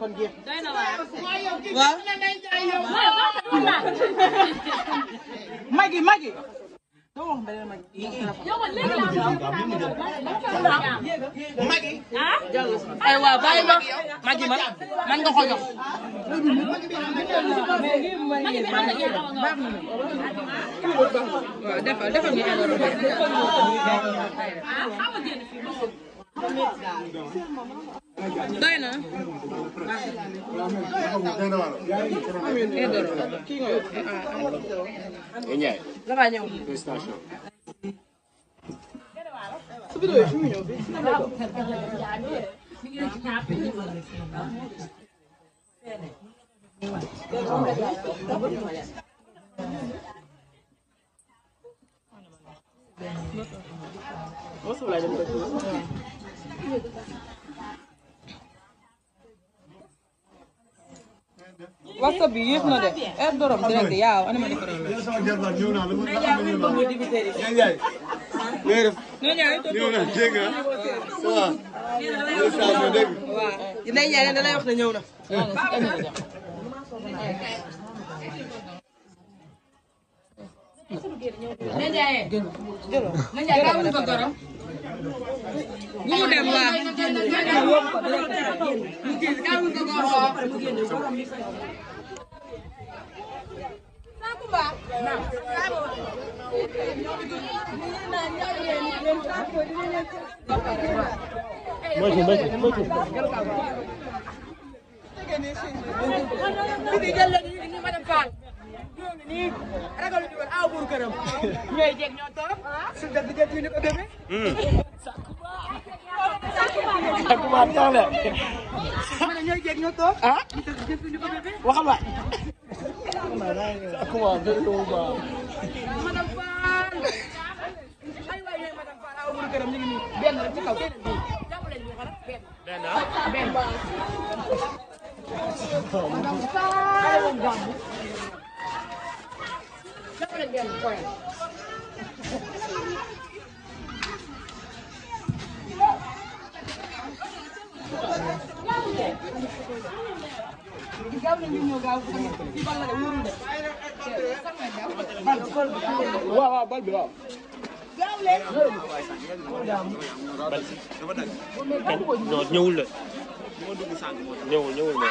con kia đây là bà vâng Mikey Mikey aywa bàyyi ma Maggi man man nga ko jox defal defal mi đây doy na dafa ñëw What's the light in the stop bi yéex na de heure dorom direct yaaw anima def rek Ndeye Ndiaye da lay wax ne ñëw na Ndeye Ndiaye bu mu dem waaw. moytu moytu moytu. Bidi jël leen ni madame Fall. ñoo ngi nii ragal ñu woon aw buur këram ñooy jeeg ñoo toog suñu def liggéey fii ni ko bébé hmm. sakuma sakuma tax la ma ne ñooy jeeg ñoo toog ah def ni ko bébé waxal waay sakuma bébé ba madam Fall ay waay ñooy madam Fall aw buur këram ñu ngi nii benn rek ci kaw keneen bi jàppale ñu xala benn benn ah? benn madam Fall rất là gần khỏe Wow, bal bal. Nó nhul rồi. Nhul nhul rồi.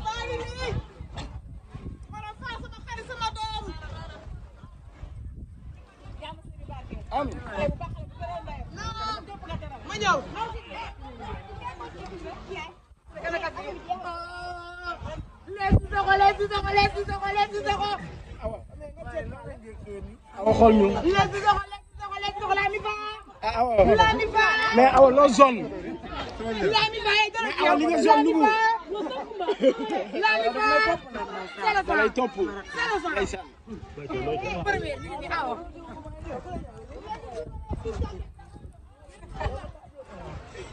ñëw. awa xool ñu. Ah, mais awa loo zone.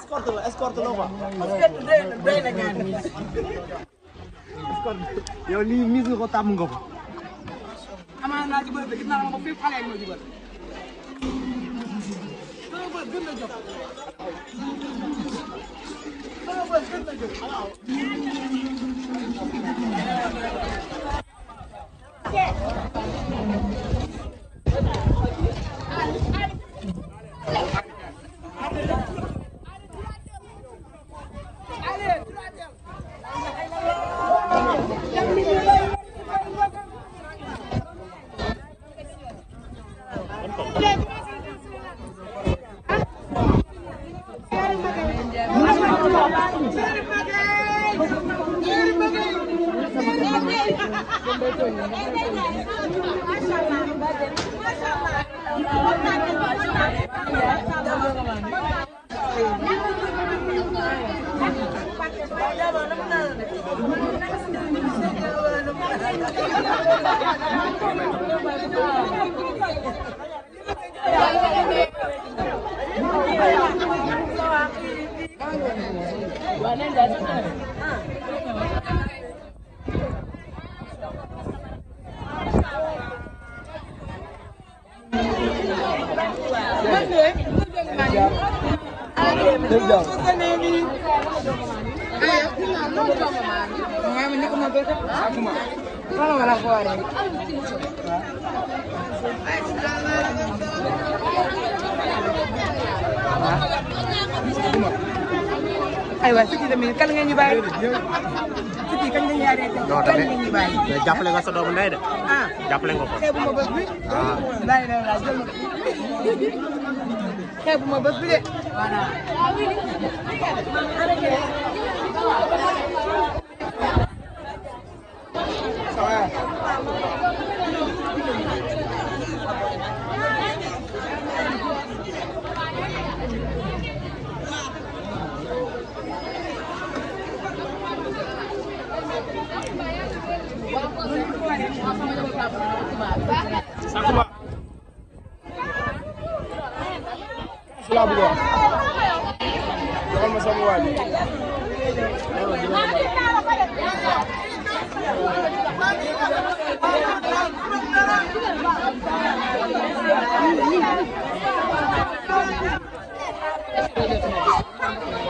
escorte la escorte la quoi. yow lii mis nga ko tàmm nga ko. Banyak jatuh. aywa sëñ bi tamit kan ngeen ñu bàyyi non tamit mais jàppale nga sa doomu ndey de. ah jàppale nga ko. xeebuma bés bi. ah bàyyi na la jël xeebuma bés bi de voilà. ça va. laa bëgg wax Thank you.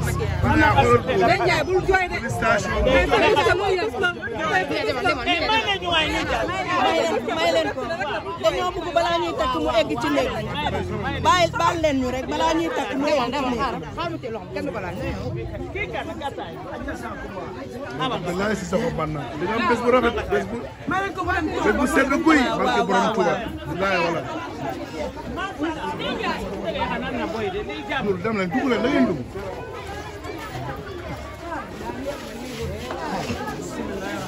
may leen ko dañoo bëgg balaa ñuy takk mu egg ci néeg bàyyi baal leen ñu rek balaa ñuy takk mu egg ci néeg wallaay si sama banna li nga am bés bu rafet bés bu bés bu sedd guy barke borom Tuuba wallaay wala dem leen dugg leen da ngeen dugg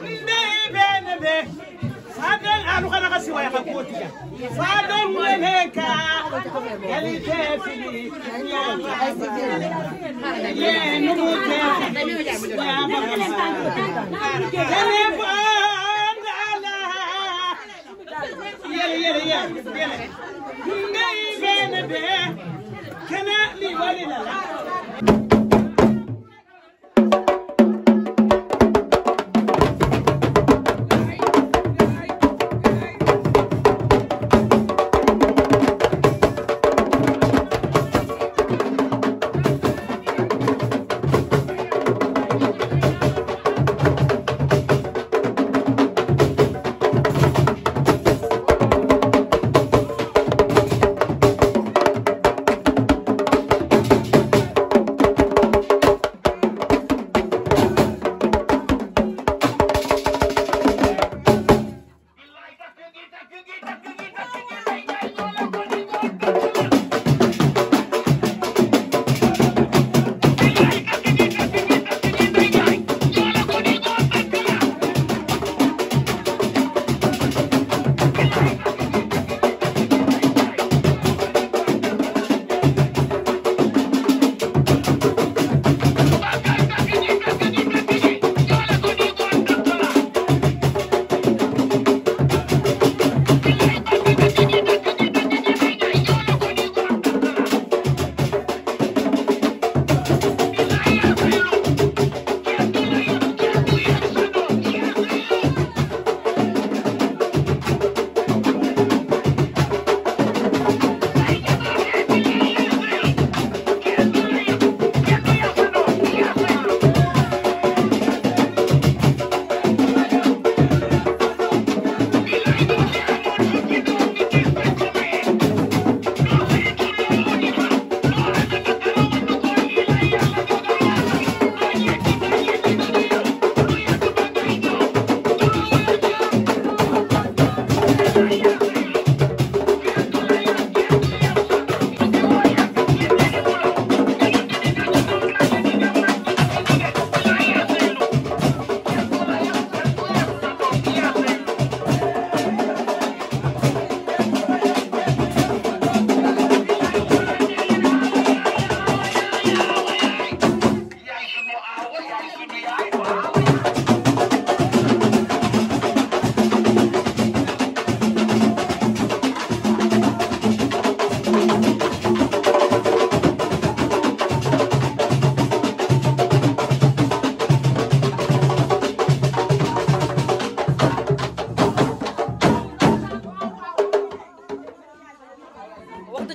Baby, baby, baby. كانوا غنا غسوا يا خبوتيا صادم من هيك يلي تافلي يا مرحبا يا نموت يا مرحبا يلي يلي يلي يلي يلي يلي يلي يلي يلي يلي Thank you.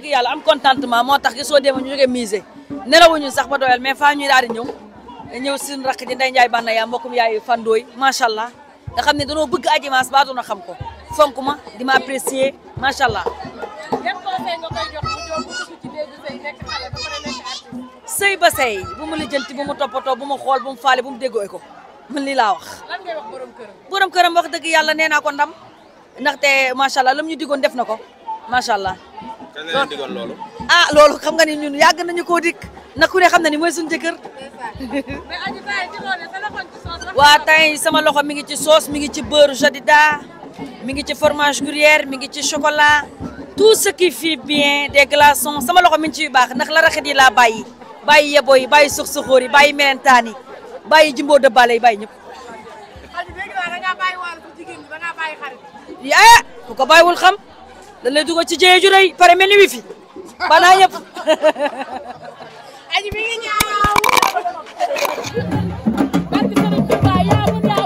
dëgg yàlla am contentement moo tax soo démb ñu jógee musée ñu sax ba doyal mais fa ñu daal di ñëw ñëw suñu rakk ji Ndeye Ndiaye Banna yaa mbokkum fan dooy macha allah nga xam ne danoo bëgg Adji Mass ba doon xam ko fonk ma di ma macha allah. yan conseil nga koy jox sëy ba sëy bu mu lijjanti bu mu toppatoo bu mu xool bu mu faale bu mu déggoo ko mu lii laa wax. lan ngay wax borom këram. wax dëgg yàlla nee naa ko ndam ndaxte macha allah lam ñu digoon def na ko macha allah. ah loolu xam nga ni ñun yàgg nañu koo dikk na ku ne xam na ni mooy suñu jëkkër waa tey sama loxo mi ngi ci sauce mi ngi ci beurre jadida mi ngi ci fromage gruyère mi ngi ci chocolat tout ce qui fait bien des glaçons sama loxo mi ngi ciy baax ndax la raxit yi laa bàyyi bàyyi yebo yi bàyyi suux suxóor yi bàyyi melentaan yi bàyyi jimboo dëbbaale yi bàyyi ñëpp yaa ku ko bàyyiwul xam dañ dugal ci jéeju rëy pare mel ni wifi balaa ñëpp. aji mi ngi ñaaw. barke Sëriñ Tuubaa yaa ko ñaaw.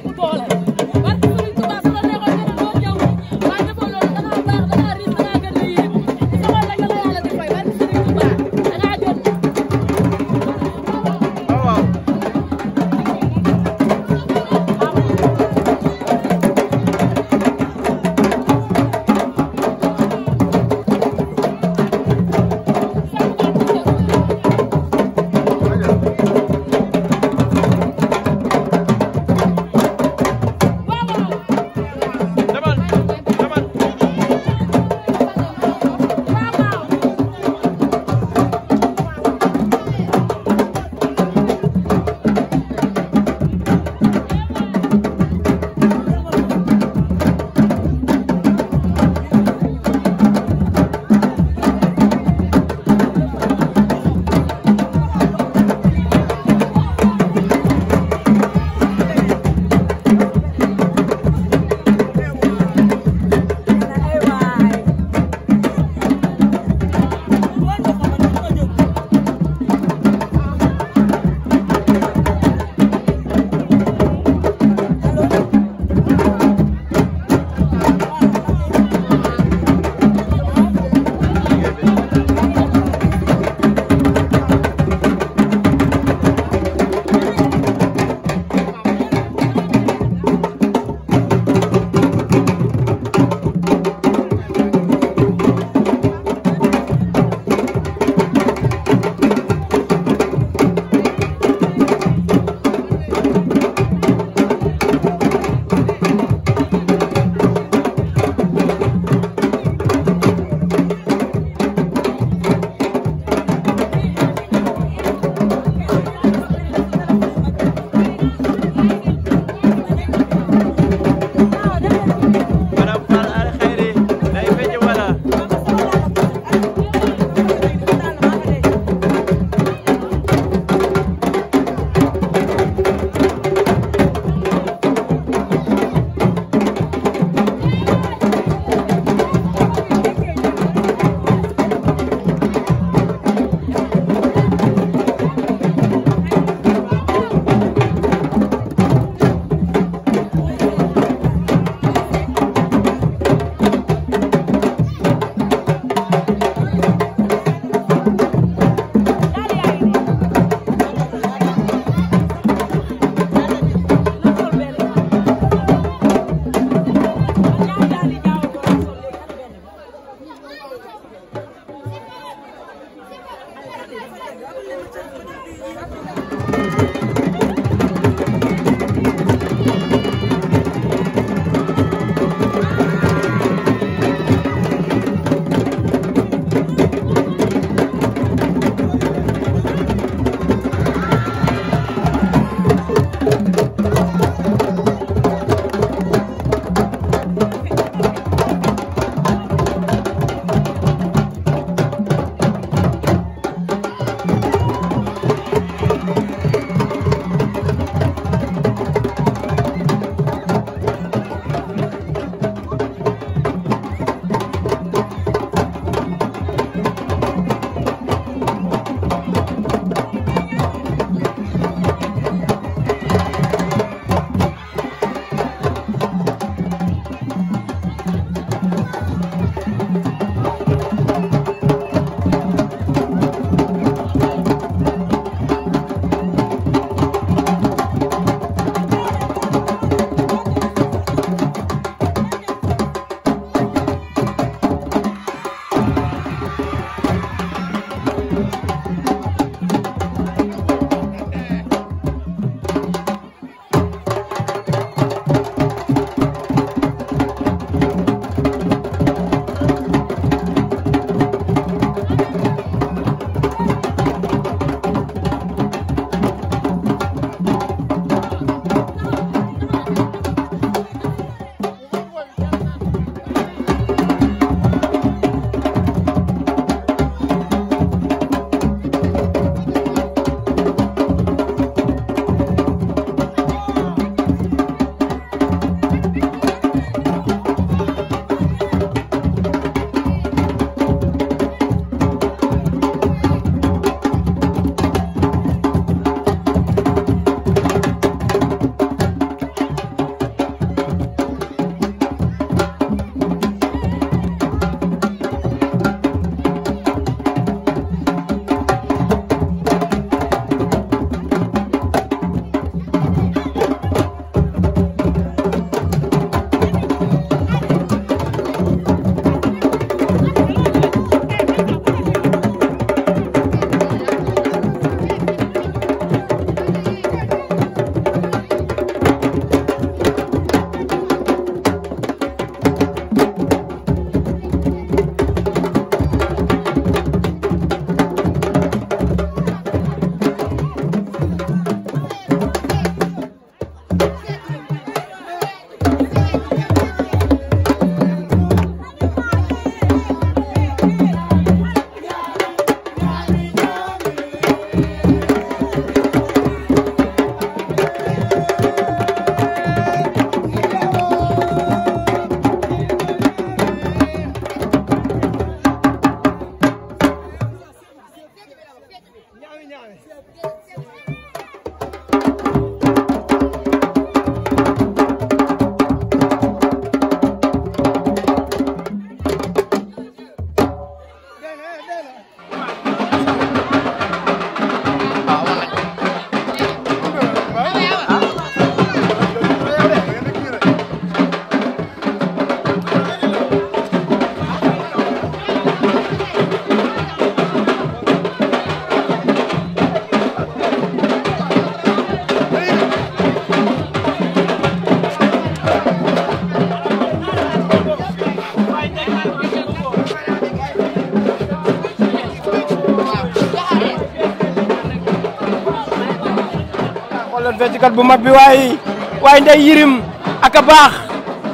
feccikat bu mag bi waaye waaye nday yirim ak a baax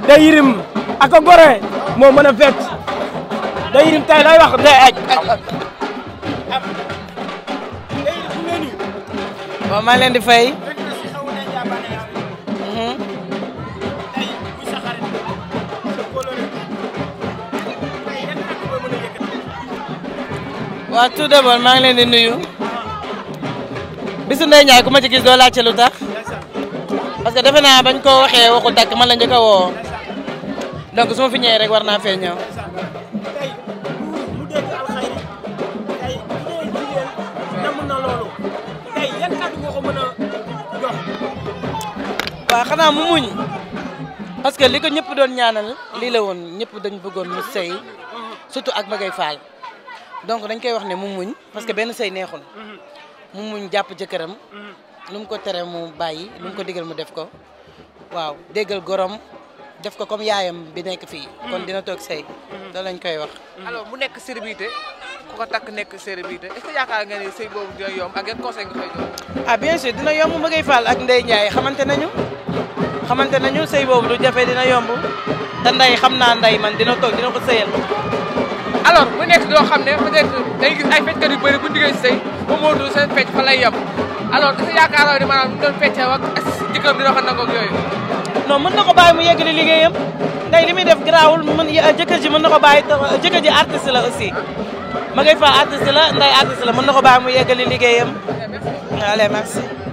nday yirim ak gore moo mën a fecc nday yirim tey lay wax day aj waaw maa leen di fay mhm. waaw tout d'abord leen di nuyu bisu Ndeye Ndiaye ku ma ci gis doo laajte lu tax defena bañ ko waxé waxu tak man la njëkk donc suma fi ñëw rek war naa fee ñëw. mu muñ parce que liko ko ñëpp doon ñaanal li la woon ñëpp dañ bëggoon mu sey surtout ak magay Fall donc dañ koy wax ne mu muñ parce que ben sey neexul mu muñ japp jëkëram lu ko tere mu bàyyi lu ko digal mu def ko waaw déggal gorom def ko comme yaayam bi nekk fii kon dina toog sey da lañ koy wax alors mu nekk célébrité ku ko takk nekk célébrité est-ce que yaakaar nga ne sëy boobu dina yomb ak yan conseil nga koy ah, dina yomb ma ngay Fall ak Ndeye xamante nañu xamante nañu sëy boobu du jafe dina yomb te nday xam naa nday man dina toog dina ko sëyal alors mu nekk doo xam ne peut-être day gis ay feckat yu bëri bu diggee sëy ba moo dul seen fecc fa lay alors est-ce que yaakaaroo ni maanaam mu doon feccee ak jëkkëram dina ko nangoog yooyu non mën na ko bàyyi mu yeggali liggéeyam nday li muy def garaawul mën jëkkër ji mën na ko bàyyi jëkkër ji artiste la aussi ma ngay fa artiste la nday artiste la mën na ko bàyyi mu yeggali liggéeyam allez merci